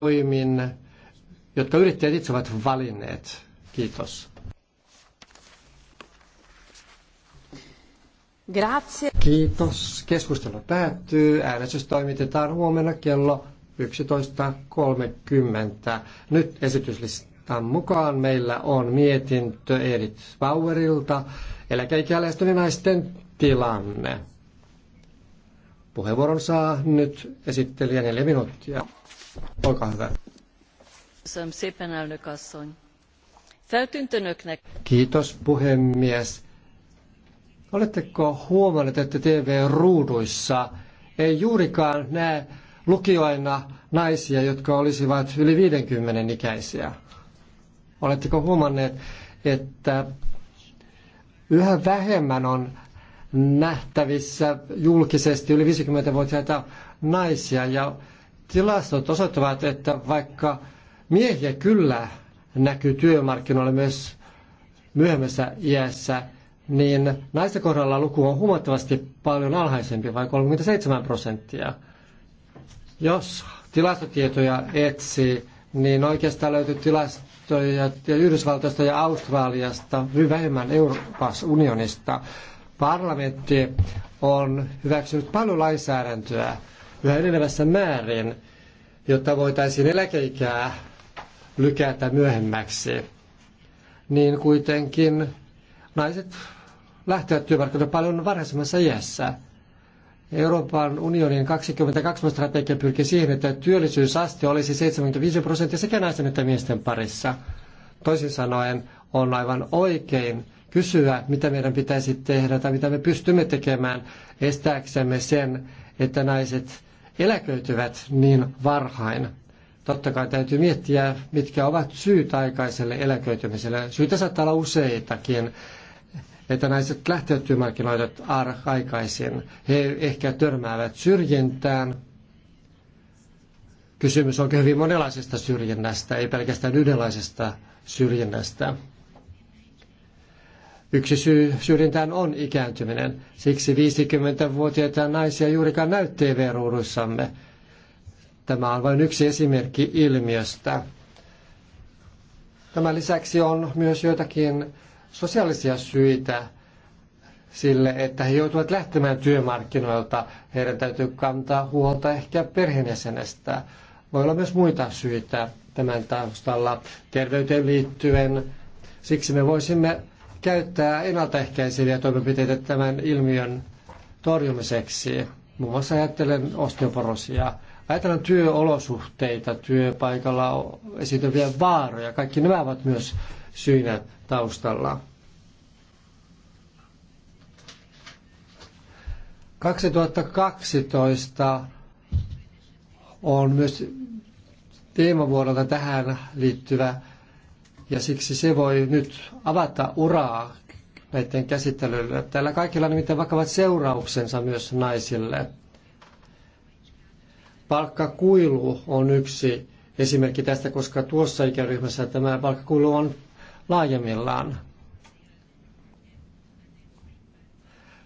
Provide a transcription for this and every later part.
toimin, jotka yrittäjät itse ovat valinneet. Kiitos. Grazie. Kiitos. Keskustelu päättyy. Äänestys toimitetaan huomenna kello 11.30. Nyt esityslistan mukaan meillä on mietintö Edith Bauerilta eläkeikäläisten naisten tilanne. Puheenvuoron saa nyt esittelijä neljä minuuttia. Olkaa hyvä. Kiitos puhemies. Oletteko huomanneet, että TV-ruuduissa ei juurikaan näe lukioina naisia, jotka olisivat yli 50 ikäisiä? Oletteko huomanneet, että yhä vähemmän on nähtävissä julkisesti yli 50-vuotiaita naisia. Ja tilastot osoittavat, että vaikka miehiä kyllä näkyy työmarkkinoilla myös myöhemmässä iässä, niin naisten kohdalla luku on huomattavasti paljon alhaisempi, vain 37 prosenttia. Jos tilastotietoja etsii, niin oikeastaan löytyy tilastoja Yhdysvaltoista ja Australiasta, hyvin vähemmän Euroopan unionista. Parlamentti on hyväksynyt paljon lainsäädäntöä yhä enenevässä määrin, jotta voitaisiin eläkeikää lykätä myöhemmäksi. Niin kuitenkin naiset lähtevät työmarkkinoille paljon varhaisemmassa iässä. Euroopan unionin 22 strategia pyrkii siihen, että työllisyysaste olisi 75 prosenttia sekä naisten että miesten parissa. Toisin sanoen on aivan oikein, kysyä, mitä meidän pitäisi tehdä tai mitä me pystymme tekemään estääksemme sen, että naiset eläköityvät niin varhain. Totta kai täytyy miettiä, mitkä ovat syyt aikaiselle eläköitymiselle. Syitä saattaa olla useitakin, että naiset lähtevät työmarkkinoille aikaisin. He ehkä törmäävät syrjintään. Kysymys on hyvin monenlaisesta syrjinnästä, ei pelkästään yhdenlaisesta syrjinnästä. Yksi syy syrjintään on ikääntyminen. Siksi 50-vuotiaita naisia juurikaan näy TV-ruudussamme. Tämä on vain yksi esimerkki ilmiöstä. Tämän lisäksi on myös joitakin sosiaalisia syitä sille, että he joutuvat lähtemään työmarkkinoilta. Heidän täytyy kantaa huolta ehkä perheenjäsenestä. Voi olla myös muita syitä tämän taustalla terveyteen liittyen. Siksi me voisimme käyttää ennaltaehkäiseviä toimenpiteitä tämän ilmiön torjumiseksi. Muun muassa ajattelen osteoporosia. Ajatellaan työolosuhteita, työpaikalla esiintyviä vaaroja. Kaikki nämä ovat myös syynä taustalla. 2012 on myös teemavuodelta tähän liittyvä ja siksi se voi nyt avata uraa näiden käsittelylle. Tällä kaikilla on nimittäin vakavat seurauksensa myös naisille. Palkkakuilu on yksi esimerkki tästä, koska tuossa ikäryhmässä tämä palkkakuilu on laajemmillaan.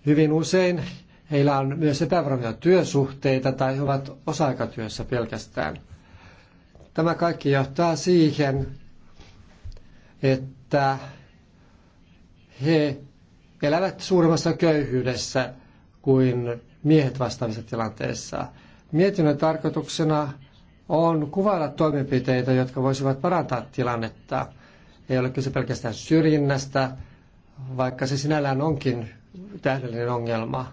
Hyvin usein heillä on myös epävarmia työsuhteita tai he ovat osa-aikatyössä pelkästään. Tämä kaikki johtaa siihen, että he elävät suuremmassa köyhyydessä kuin miehet vastaavissa tilanteissa. Mietinnön tarkoituksena on kuvailla toimenpiteitä, jotka voisivat parantaa tilannetta. Ei ole kyse pelkästään syrjinnästä, vaikka se sinällään onkin tähdellinen ongelma.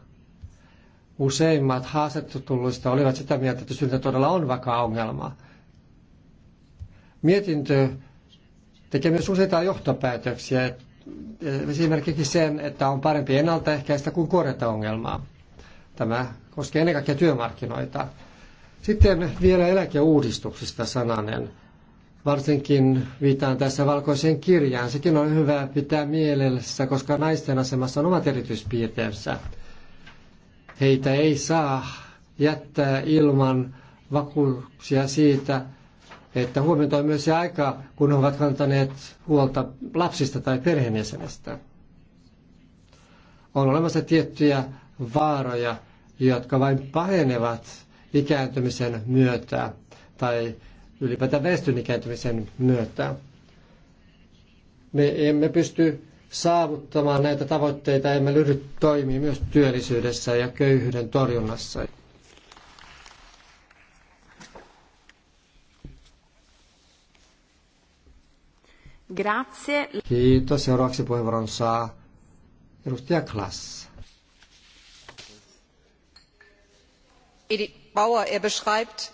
Useimmat haastattelutulluista olivat sitä mieltä, että syrjintä todella on vakaa ongelma. Mietintö tekee myös useita johtopäätöksiä, esimerkiksi sen, että on parempi ennaltaehkäistä kuin korjata ongelmaa. Tämä koskee ennen kaikkea työmarkkinoita. Sitten vielä eläkeuudistuksista sananen. Varsinkin viitaan tässä valkoiseen kirjaan. Sekin on hyvä pitää mielessä, koska naisten asemassa on omat erityispiirteensä. Heitä ei saa jättää ilman vakuuksia siitä, että on myös se aika, kun ovat kantaneet huolta lapsista tai perheenjäsenestä. On olemassa tiettyjä vaaroja, jotka vain pahenevat ikääntymisen myötä tai ylipäätään väestön ikääntymisen myötä. Me emme pysty saavuttamaan näitä tavoitteita, emme ryhdy toimii myös työllisyydessä ja köyhyyden torjunnassa. Grazie. Kiitos. Seuraavaksi puheenvuoron saa edustaja Klass. Edith Bauer, er beschreibt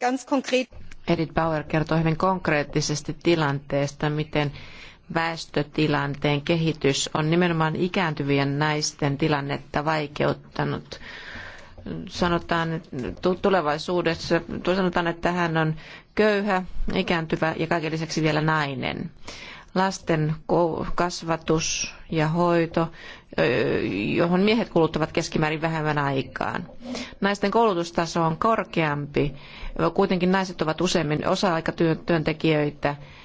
ganz konkret... Edith Bauer kertoo hyvin konkreettisesti tilanteesta, miten väestötilanteen kehitys on nimenomaan ikääntyvien naisten tilannetta vaikeuttanut sanotaan tulevaisuudessa, sanotaan, että hän on köyhä, ikääntyvä ja kaiken lisäksi vielä nainen. Lasten kasvatus ja hoito, johon miehet kuluttavat keskimäärin vähemmän aikaan. Naisten koulutustaso on korkeampi, kuitenkin naiset ovat useimmin osa-aikatyöntekijöitä. Työ-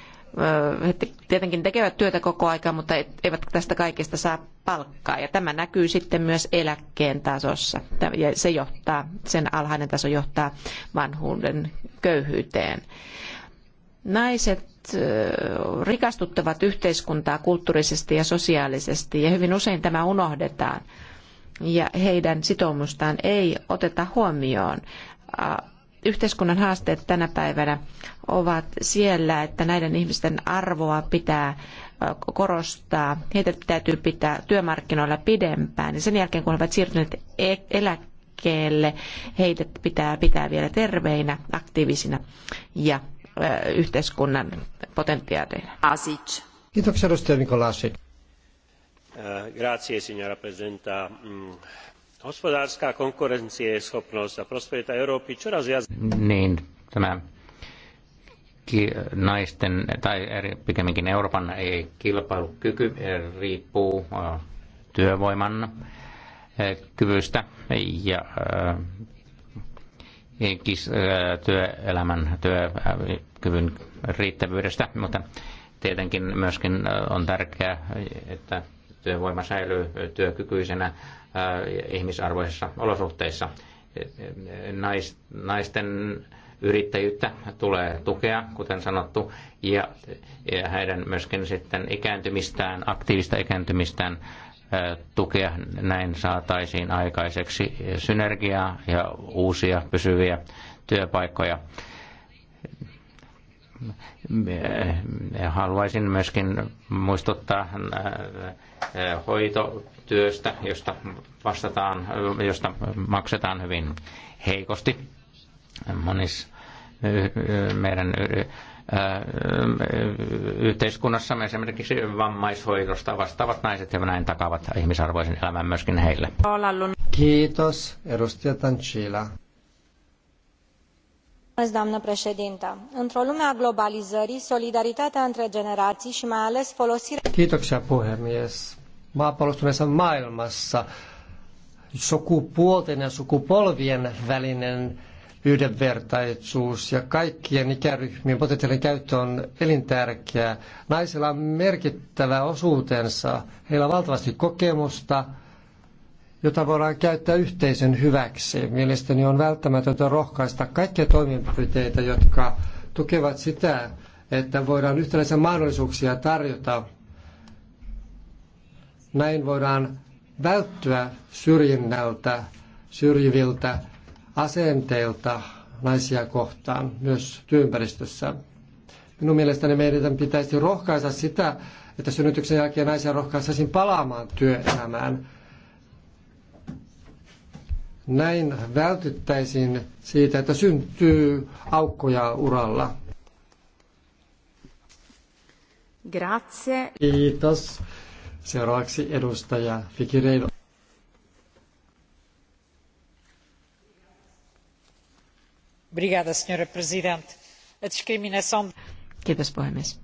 he tietenkin tekevät työtä koko aikaa, mutta eivät tästä kaikesta saa palkkaa. Ja tämä näkyy sitten myös eläkkeen tasossa. Ja se johtaa, sen alhainen taso johtaa vanhuuden köyhyyteen. Naiset rikastuttavat yhteiskuntaa kulttuurisesti ja sosiaalisesti ja hyvin usein tämä unohdetaan ja heidän sitoumustaan ei oteta huomioon yhteiskunnan haasteet tänä päivänä ovat siellä, että näiden ihmisten arvoa pitää korostaa. Heitä täytyy pitää työmarkkinoilla pidempään. Ja sen jälkeen, kun he ovat siirtyneet e- eläkkeelle, heitä pitää pitää vielä terveinä, aktiivisina ja yhteiskunnan potentiaaleina. Asic. Kiitoksia, edustaja Mikolasic. Äh, grazie, signora Presidenta. Mm, Hospodárska konkurencieschopnosť ja prosperita Európy čoraz viac... Niin, tämä naisten, tai eri, pikemminkin Euroopan ei kilpailukyky eh, riippuu eh, työvoiman eh, kyvystä ja työelämän työkyvyn riittävyydestä, mutta tietenkin myöskin on tärkeää, että työvoima säilyy työkykyisenä Äh, ihmisarvoisissa olosuhteissa. Naisten yrittäjyyttä tulee tukea, kuten sanottu, ja heidän myöskin sitten ikääntymistään, aktiivista ikääntymistään äh, tukea. Näin saataisiin aikaiseksi synergiaa ja uusia pysyviä työpaikkoja haluaisin myöskin muistuttaa äh, äh, hoitotyöstä, josta vastataan, josta maksetaan hyvin heikosti. Monissa äh, meidän yhteiskunnassamme esimerkiksi vammaishoidosta vastaavat naiset ja näin takavat ihmisarvoisen elämän myöskin heille. Kiitos, edustaja Tanchila într o lume a globalizării solidaritatea între generații și mai ales folosirea. Kiitoksia puhemies. Maapallostuneessa maailmassa sukupuolten ja sukupolvien välinen yhdenvertaisuus ja kaikkien ikäryhmien potentiaalinen käyttö on elintärkeää. Naisilla on merkittävä osuutensa. Heillä on valtavasti kokemusta, jota voidaan käyttää yhteisen hyväksi. Mielestäni on välttämätöntä rohkaista kaikkia toimenpiteitä, jotka tukevat sitä, että voidaan yhtäläisiä mahdollisuuksia tarjota. Näin voidaan välttyä syrjinnältä, syrjiviltä asenteilta naisia kohtaan myös työympäristössä. Minun mielestäni meidän pitäisi rohkaista sitä, että synnytyksen jälkeen naisia rohkaistaisiin palaamaan työelämään näin vältyttäisiin siitä, että syntyy aukkoja uralla. Grazie. Kiitos. Seuraavaksi edustaja Fikireilo. Brigada, senhora President. A Kiitos, puhemies.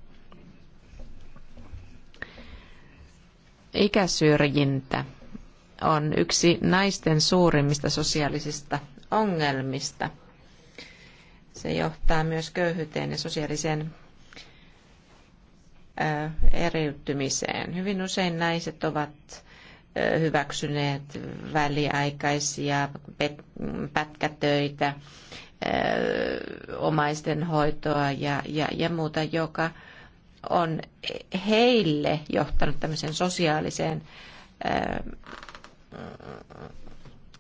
Ikäsyrjintä on yksi naisten suurimmista sosiaalisista ongelmista. Se johtaa myös köyhyyteen ja sosiaaliseen eriytymiseen. Hyvin usein naiset ovat hyväksyneet väliaikaisia pätkätöitä, omaisten hoitoa ja, ja, ja muuta, joka on heille johtanut tämmöiseen sosiaaliseen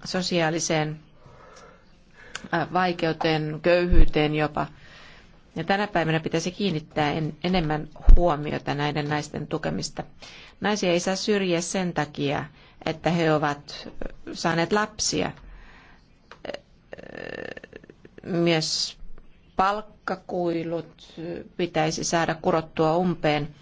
sosiaaliseen vaikeuteen, köyhyyteen jopa. Ja tänä päivänä pitäisi kiinnittää enemmän huomiota näiden naisten tukemista. Naisia ei saa syrjiä sen takia, että he ovat saaneet lapsia. Myös palkkakuilut pitäisi saada kurottua umpeen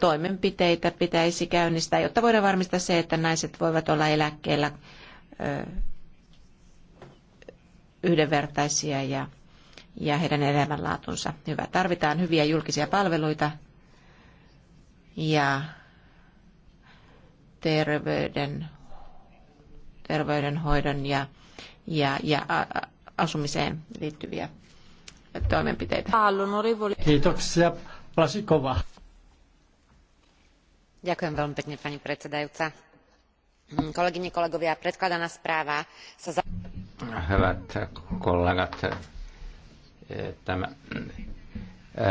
toimenpiteitä pitäisi käynnistää, jotta voidaan varmistaa se, että naiset voivat olla eläkkeellä yhdenvertaisia ja, ja heidän elämänlaatunsa hyvä. Tarvitaan hyviä julkisia palveluita ja terveyden, terveydenhoidon ja, ja, ja asumiseen liittyviä toimenpiteitä. Kiitoksia. Plasikova. Mm, predkladaná správa sa kollegat, tämä e,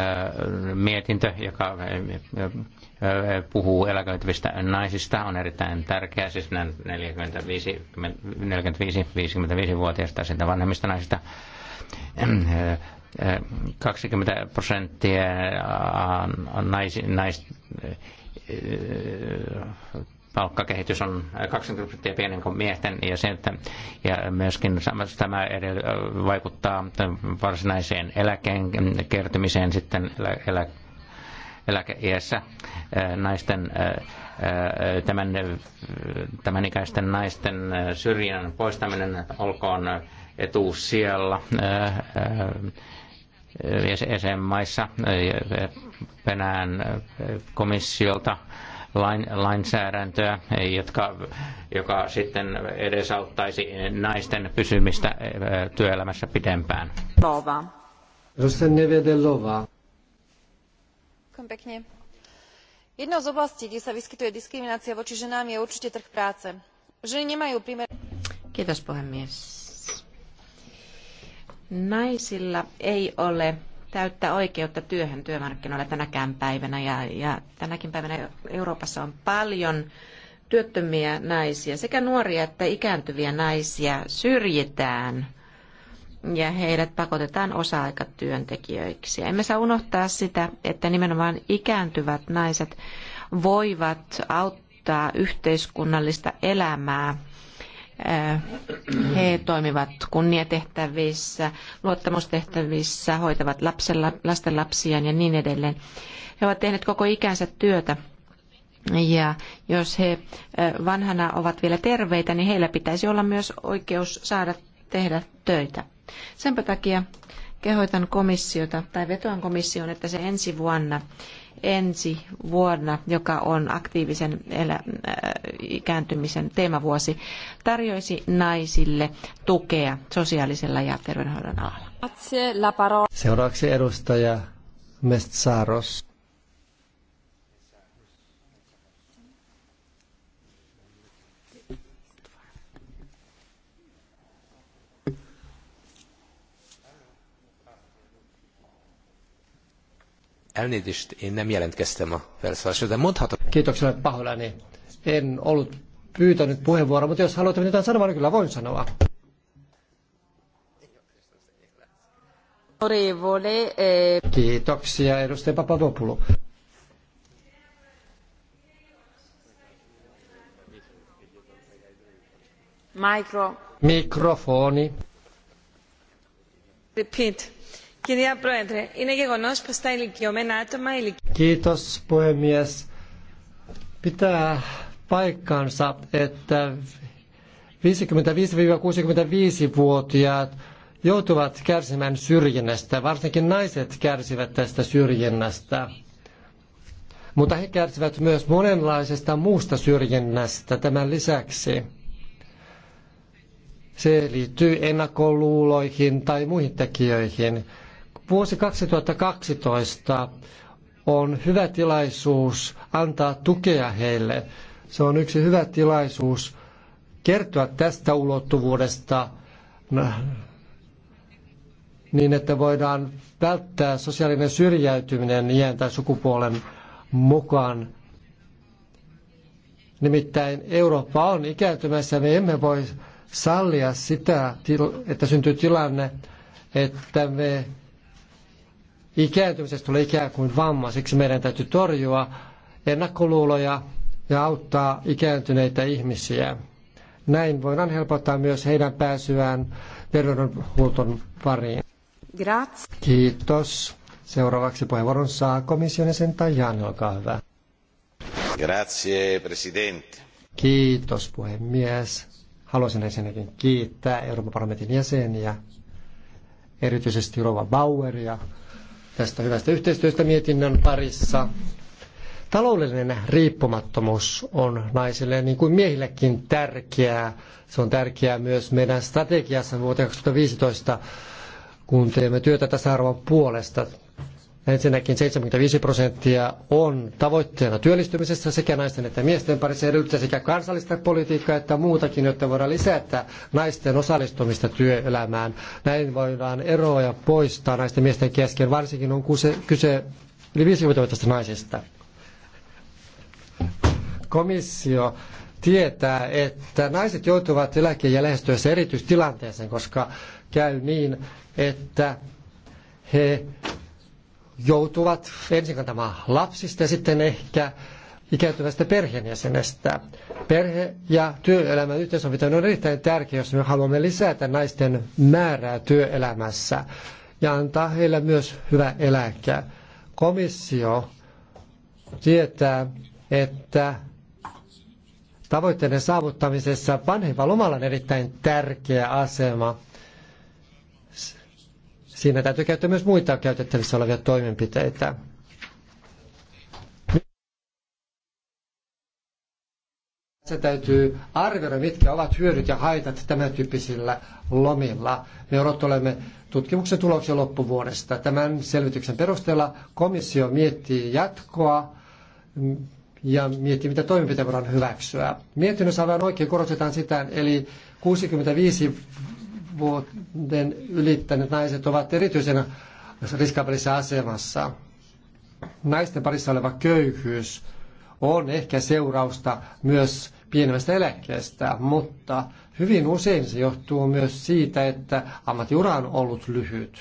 mietintö, joka e, e, puhuu eläköityvistä naisista, on erittäin tärkeä, siis 45-55-vuotiaista sitä vanhemmista naisista. 20 prosenttia nais, nais, palkkakehitys on 20 prosenttia pienen kuin miesten ja, sen, että, ja myöskin tämä edellä, vaikuttaa varsinaiseen eläkeen kertymiseen sitten elä, elä, eläkeiässä naisten tämän, tämän ikäisten naisten syrjinnän poistaminen olkoon etuus siellä jäsenmaissa penään komissiolta lainsäädäntöä, jotka, joka sitten edesauttaisi naisten pysymistä eh, työelämässä pidempään. Lova. Jedna z oblastí, kde sa vyskytuje diskriminácia voči ženám, je určite trh práce. Ženy nemajú primer... Kiitos puhemies Naisilla ei ole täyttä oikeutta työhön työmarkkinoilla tänäkään päivänä ja, ja tänäkin päivänä Euroopassa on paljon työttömiä naisia, sekä nuoria että ikääntyviä naisia syrjitään ja heidät pakotetaan osa-aikatyöntekijöiksi. Emme saa unohtaa sitä, että nimenomaan ikääntyvät naiset voivat auttaa yhteiskunnallista elämää Äh, he toimivat kunniatehtävissä, luottamustehtävissä, hoitavat lapsella, lasten lapsiaan ja niin edelleen. He ovat tehneet koko ikänsä työtä ja jos he äh, vanhana ovat vielä terveitä, niin heillä pitäisi olla myös oikeus saada tehdä töitä. Senpä takia kehoitan komissiota tai vetoan komissioon, että se ensi vuonna ensi vuonna, joka on aktiivisen elä, äh, ikääntymisen teemavuosi, tarjoisi naisille tukea sosiaalisella ja terveydenhoidon alalla. Seuraavaksi edustaja Mestsaros. Elnézést, én nem jelentkeztem a felszólásra, de mondhatok. Kiitoksia, paholani, En ollut pyytänyt puheenvuoroa, mutta jos haluatte jotain sanoa, niin kyllä voin sanoa. Eh, Kiitoksia, edustaja Papadopoulou. Mikro. Mikrofoni. Repeat. Κυρία Kiitos puhemies. Pitää paikkansa, että 55-65-vuotiaat joutuvat kärsimään syrjinnästä. Varsinkin naiset kärsivät tästä syrjinnästä. Mutta he kärsivät myös monenlaisesta muusta syrjinnästä tämän lisäksi. Se liittyy ennakkoluuloihin tai muihin tekijöihin. Vuosi 2012 on hyvä tilaisuus antaa tukea heille. Se on yksi hyvä tilaisuus kertoa tästä ulottuvuudesta niin, että voidaan välttää sosiaalinen syrjäytyminen iän tai sukupuolen mukaan. Nimittäin Eurooppa on ikääntymässä ja me emme voi sallia sitä, että syntyy tilanne, että me ikääntymisestä tulee ikään kuin vamma. Siksi meidän täytyy torjua ennakkoluuloja ja auttaa ikääntyneitä ihmisiä. Näin voidaan helpottaa myös heidän pääsyään terveydenhuolton pariin. Grazie. Kiitos. Seuraavaksi puheenvuoron saa komission jäsen Tajani, olkaa hyvä. Grazie, presidente. Kiitos, puhemies. Haluaisin ensinnäkin kiittää Euroopan parlamentin jäseniä, erityisesti Rova Baueria, tästä hyvästä yhteistyöstä mietinnön parissa. Taloudellinen riippumattomuus on naisille niin kuin miehillekin tärkeää. Se on tärkeää myös meidän strategiassa vuoteen 2015, kun teemme työtä tasa-arvon puolesta. Ensinnäkin 75 prosenttia on tavoitteena työllistymisessä sekä naisten että miesten parissa edellyttää sekä kansallista politiikkaa että muutakin, jotta voidaan lisätä naisten osallistumista työelämään. Näin voidaan eroja poistaa naisten ja miesten kesken, varsinkin on kyse yli 50-vuotiaista naisista. Komissio tietää, että naiset joutuvat eläke- ja lähestyessä erityistilanteeseen, koska käy niin, että he joutuvat ensin kantamaan lapsista ja sitten ehkä ikääntyvästä perheenjäsenestä. Perhe- ja työelämän yhteensovittaminen on erittäin tärkeää, jos me haluamme lisätä naisten määrää työelämässä ja antaa heille myös hyvä eläke. Komissio tietää, että tavoitteiden saavuttamisessa vanhemmalla lomalla on erittäin tärkeä asema – Siinä täytyy käyttää myös muita käytettävissä olevia toimenpiteitä. Se täytyy arvioida, mitkä ovat hyödyt ja haitat tämän tyyppisillä lomilla. Me odottelemme tutkimuksen tuloksia loppuvuodesta. Tämän selvityksen perusteella komissio miettii jatkoa ja miettii, mitä toimenpiteitä voidaan hyväksyä. Mietinnössä aivan oikein korostetaan sitä, eli 65 vuoden ylittäneet naiset ovat erityisen riskaabelissa asemassa. Naisten parissa oleva köyhyys on ehkä seurausta myös pienemmästä eläkkeestä, mutta hyvin usein se johtuu myös siitä, että ammattiura on ollut lyhyt.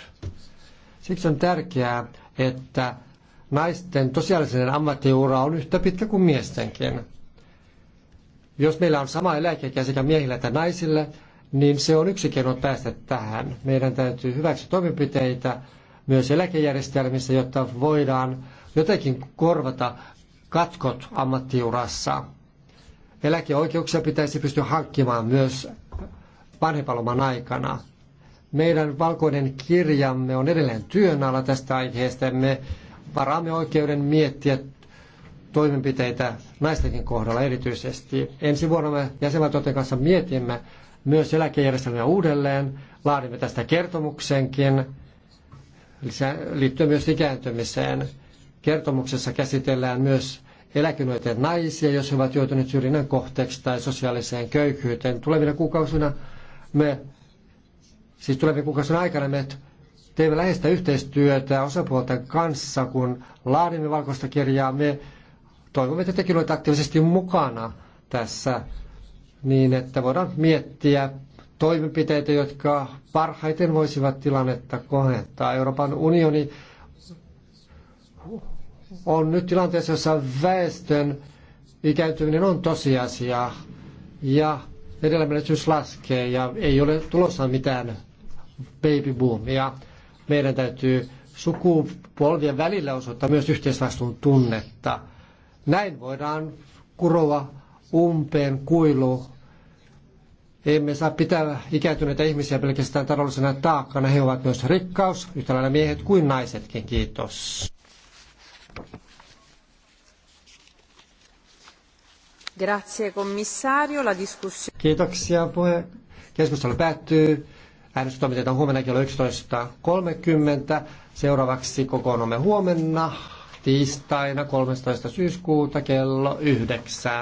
Siksi on tärkeää, että naisten tosiasiallinen ammattiura on yhtä pitkä kuin miestenkin. Jos meillä on sama eläkeikä sekä miehillä että naisille, niin se on yksi keino päästä tähän. Meidän täytyy hyväksyä toimenpiteitä myös eläkejärjestelmissä, jotta voidaan jotenkin korvata katkot ammattiurassa. Eläkeoikeuksia pitäisi pystyä hankkimaan myös vanhempaloman aikana. Meidän valkoinen kirjamme on edelleen työn alla tästä aiheesta. Me varaamme oikeuden miettiä toimenpiteitä naistenkin kohdalla erityisesti. Ensi vuonna me jäsenvaltioiden kanssa mietimme myös eläkejärjestelmää uudelleen. Laadimme tästä kertomuksenkin liittyen myös ikääntymiseen. Kertomuksessa käsitellään myös eläköityneitä naisia, jos he ovat joutuneet syrjinnän kohteeksi tai sosiaaliseen köyhyyteen. Tulevina kuukausina me, siis tulevina kuukausina aikana me teemme läheistä yhteistyötä osapuolten kanssa, kun laadimme valkoista kirjaa. Me toivomme, että tekin olette aktiivisesti mukana tässä niin että voidaan miettiä toimenpiteitä, jotka parhaiten voisivat tilannetta kohentaa. Euroopan unioni on nyt tilanteessa, jossa väestön ikääntyminen on tosiasia ja edellämenetys laskee ja ei ole tulossa mitään boomia, Meidän täytyy sukupolvien välillä osoittaa myös yhteisvastuun tunnetta. Näin voidaan kuroa umpeen kuilu. Emme saa pitää ikääntyneitä ihmisiä pelkästään taloudellisena taakkana. He ovat myös rikkaus, yhtä lailla miehet kuin naisetkin. Kiitos. Grazie, commissario. La discussione... Kiitoksia. Puhe... Keskustelu päättyy. Äänestys on huomenna kello 11.30. Seuraavaksi kokoonnumme huomenna tiistaina 13. syyskuuta kello 9.